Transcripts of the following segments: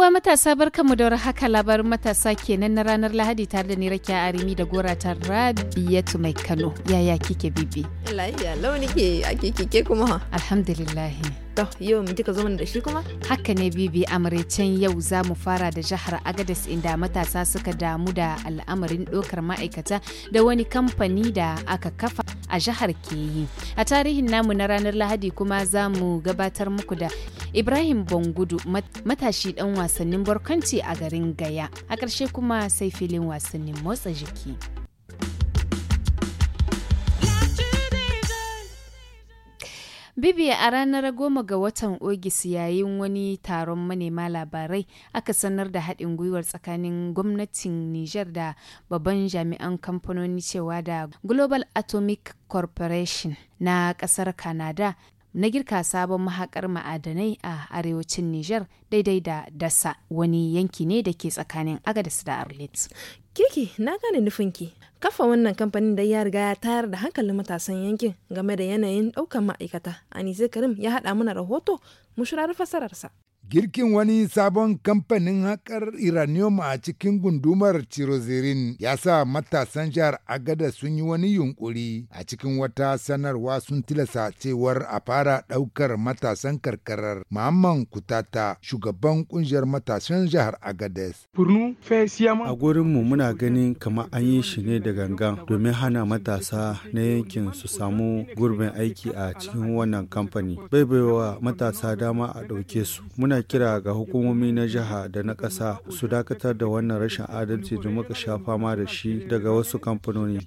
uwa matasa barkanmu da haka labarin matasa kenan na ranar Lahadi tare da ni Arimi da gora ta Rabiatu mai Kano. Yaya kike bibi? Lafiya launi ke ake kike kuma. Alhamdulillah. To, yau mu duka zo da shi kuma? Haka ne Bibi Amuricen yau za mu fara da jihar agadas inda matasa suka damu da al'amarin ɗaukar ma'aikata da wani kamfani da aka kafa a jihar ke yi. A tarihin namu na ranar Lahadi kuma za mu gabatar muku da Ibrahim Bangudu matashi ɗan wasannin barkwanci a garin Gaya. A ƙarshe kuma sai filin wasannin motsa jiki. Bibi a ranar goma ga watan Ogis yayin wani taron manema labarai aka sanar da haɗin gwiwar tsakanin gwamnatin Nijar da babban jami'an kamfanoni cewa da Global Atomic Corporation na ƙasar Canada na girka sabon mahakar ma'adanai a arewacin Nijar daidai da Dasa wani yanki ne da ke tsakanin Agadis da Arlet. Kiki na gane nufinki. Kafa wannan kamfanin da ya riga ya tayar da hankalin matasan yankin game da yanayin ɗaukar ma'aikata. Anise Karim ya haɗa mana rahoto mu fassararsa. Girkin wani sabon kamfanin haƙar iranium a cikin gundumar Cirozirin ya sa matasan jihar Agada sun yi wani yunƙuri a cikin wata sanarwa sun tilasa cewar a fara ɗaukar matasan karkarar mahamman Kutata shugaban ƙungiyar matasan jihar Agades. A gurinmu muna ganin kamar an yi shi ne da gangan domin hana matasa na yankin su samu gurbin aiki a cikin wannan kamfani. Bai baiwa matasa dama a ɗauke su. Muna kira ga hukumomi na jiha da na ƙasa su dakatar da wannan rashin adalci da muka sha fama da shi daga wasu kamfanoni.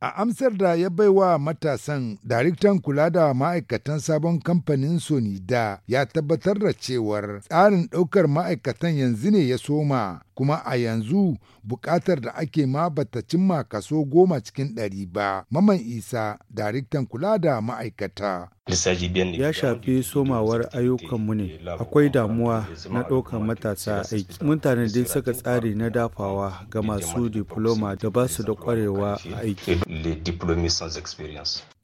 A amsar da ya baiwa matasan daraktan kula da ma'aikatan sabon kamfanin Sony da ya tabbatar da cewar tsarin ɗaukar ma'aikatan yanzu ne ya soma kuma a yanzu buƙatar da ake ma bata cimma kaso goma cikin ɗari ba. Maman Isa, daraktan kula da ma'aikata. ya shafi somawar ayyukanmu ne akwai damuwa na ɗaukar matasa aiki mun tanadi saka tsari na dafawa ga masu diploma da ba su da ƙwarewa a aiki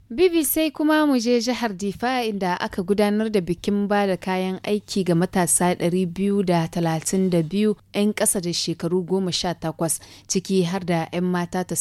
Bibi sai kuma mu je jihar Difa inda aka gudanar da bikin ba da kayan aiki ga matasa 232 'yan ƙasa da shekaru 18 ciki har da 'yan mata ta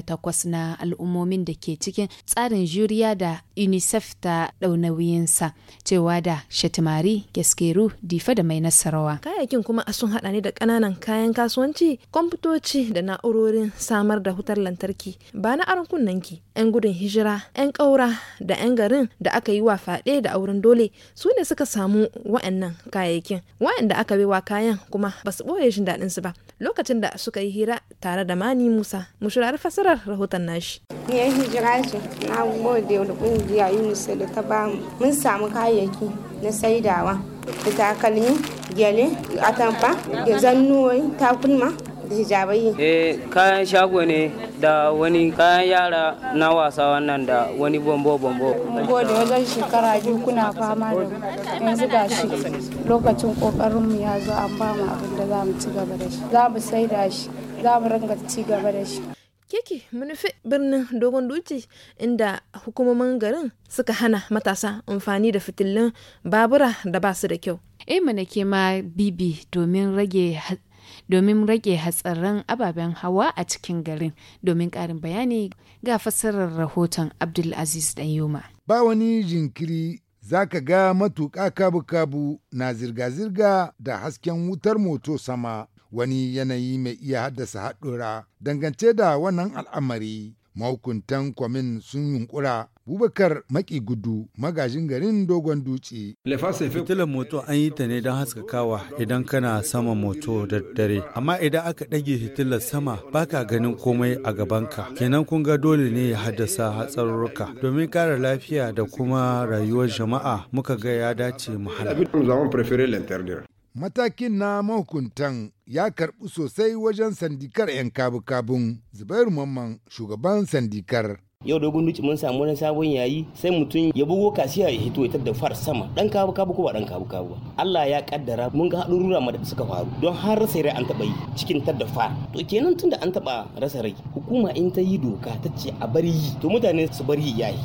takwas na al'ummomin da ke cikin tsarin juriya da UNICEF ta ɗaunawiyinsa cewa da Shatimari, Gaskeru, Difa da mai nasarawa. Kayayyakin kuma sun haɗa ne da ƙananan kayan kasuwanci, kwamfutoci da na'urorin samar da wutar lantarki ba na aron kunnanki, 'yan gudun hijira, 'yan ƙaura da 'yan garin da aka yi wa faɗe da auren dole su ne suka samu wa'annan kayayyakin wa'anda aka baiwa kayan kuma ba su ɓoye shi daɗin su ba lokacin da suka yi hira tare da mani musa mushirar fasarar rahoton nashi ni yan hijira ce na gode da ƙungiya da ta bamu mun samu kayayyaki na saidawa da takalmi gyale atamfa da takulma da hijabai eh kayan shago ne da wani kayan yara na wasa wannan da wani bombo-bombo. gode wajen shekara biyu kuna fama da yanzu ga shi lokacin kokarinmu ya zo an ba mu abin da za mu ci gaba da shi za mu sai da shi za mu ringa ci gaba da shi. keke manufi birnin dogon duci inda hukumomin garin suka hana matasa amfani da fitilun babura da basu da kyau. eh mana ke ma bibi domin rage domin rage hatsarin ababen hawa a cikin garin domin ƙarin bayani ga fassarar rahoton abdulaziz ɗanyuma. ba wani jinkiri za ka ga matuƙa kabu-kabu na zirga-zirga da hasken wutar moto sama wani yanayi mai iya haddasa haɗura dangance da wannan al'amari mahukuntan kwamin sun yunkura Bubakar Maki Gudu magajin garin Dogon Dutse. fitilar moto an yi ta ne don haskakawa idan kana sama moto da dare. Amma idan aka ɗage fitilar sama baka ganin komai a gabanka. Kenan kun ga dole ne ya haddasa hatsarurruka. Domin kare lafiya da kuma rayuwar jama'a muka ga ya dace mu Matakin na mahukuntan ya karɓi sosai wajen sandikar 'yan kabu-kabun Zubairu Mamman shugaban sandikar. yau dogon duci mun samu wani sabon yayi sai mutum ya bugo kasiya ya hito ya da far sama dan kabu kabu ko ba dan kabu kabu Allah ya kaddara mun ga haɗurura ma da suka faru don har rasa rai an taba yi cikin da far to kenan tunda an taba rasa rai hukuma in ta yi doka ta ce a bari yi to mutane su bari yayi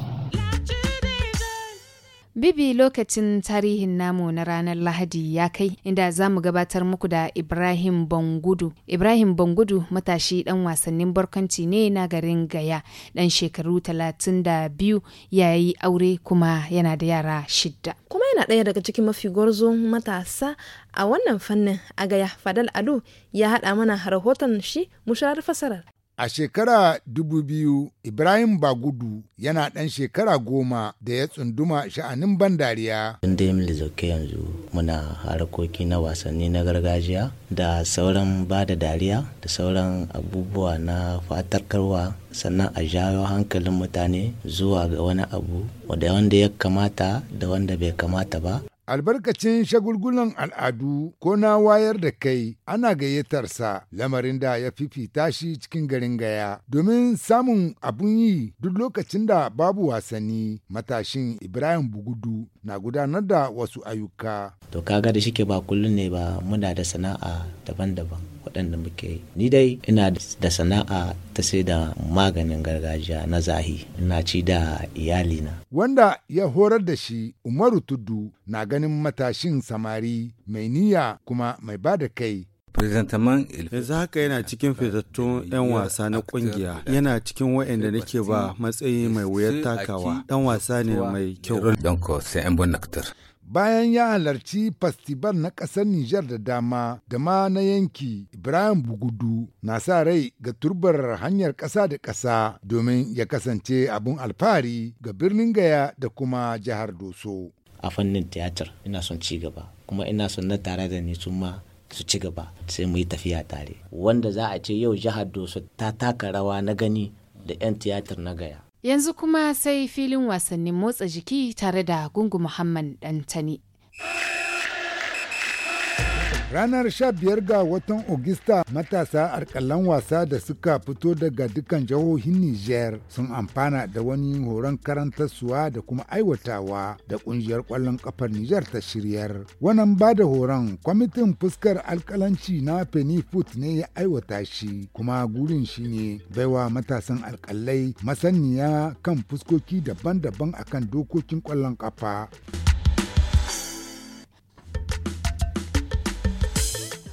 Bibi lokacin tarihin namu na ranar Lahadi ya kai inda za mu gabatar muku da Ibrahim Bangudu. Ibrahim Bangudu matashi ɗan wasannin barkanci ne na garin Gaya ɗan shekaru talatin da biyu ya yi aure kuma yana da yara shidda. Kuma yana ɗaya daga cikin mafi gwarzon matasa a wannan fannin a Gaya Fadal Ado ya haɗa mana rahoton shi musharar fasarar. A shekara dubu biyu, Ibrahim Bagudu yana ɗan shekara goma da ya tsunduma sha'anin ban dariya. Tun da yi yanzu muna harkoki na wasanni na gargajiya da sauran ba da dariya da sauran abubuwa na fatarkarwa sannan a jawo hankalin mutane zuwa ga wani abu wanda ya kamata da wanda bai kamata ba albarkacin shagulgulan al'adu ko na wayar da kai ana gayyatar sa lamarin da ya fifita shi cikin garin gaya domin samun abun yi duk lokacin da babu wasanni matashin ibrahim bugudu na gudanar da wasu ayyuka to kaga da shike ba kullum ne ba muna da sana'a daban-daban waɗanda muke ni dai ina da sana'a ta sai da maganin gargajiya na zahi ina ci da iyalina wanda ya horar da shi umaru tudu na gani ganin matashin samari mai niyya kuma mai ba da kai yanzu haka yana cikin fitattun 'yan wasa na kungiya yana cikin waɗanda nake ba matsayi mai wuyar takawa ɗan wasa ne mai kyau bayan ya halarci festival na ƙasar Nijar da dama da ma na yanki Ibrahim Bugudu na sa rai ga turbar hanyar ƙasa da ƙasa domin ya kasance abun alfahari ga birnin Gaya da kuma jihar Doso. a fannin tiyatar ina son ci gaba kuma ina son na tare da ni su ma su ci gaba sai mu yi tafiya tare wanda za a ce yau jihar doso ta taka rawa na gani da 'yan tiyatar na gaya yanzu kuma sai filin wasannin motsa jiki tare da gungu muhammad dantani Ranar 15 ga watan Ogista matasa arkallan wasa da suka fito daga dukkan jihohin Nijar sun amfana da wani horon suwa da kuma aiwatawa da ƙungiyar ƙwallon ƙafar Nijar ta shiryar. Wannan ba da horon kwamitin fuskar alkalanci na Penifut ne ya aiwata shi kuma gurin shi ne baiwa matasan alkalai masaniya kan fuskoki daban-daban akan dokokin ƙwallon kafa.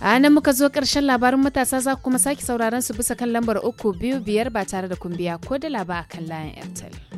a nan muka zo ƙarshen labarin matasa za kuma sake sauraron su bisa kan lambar uku biyu biyar ba tare da kumbiya ko da laba a kan layan airtel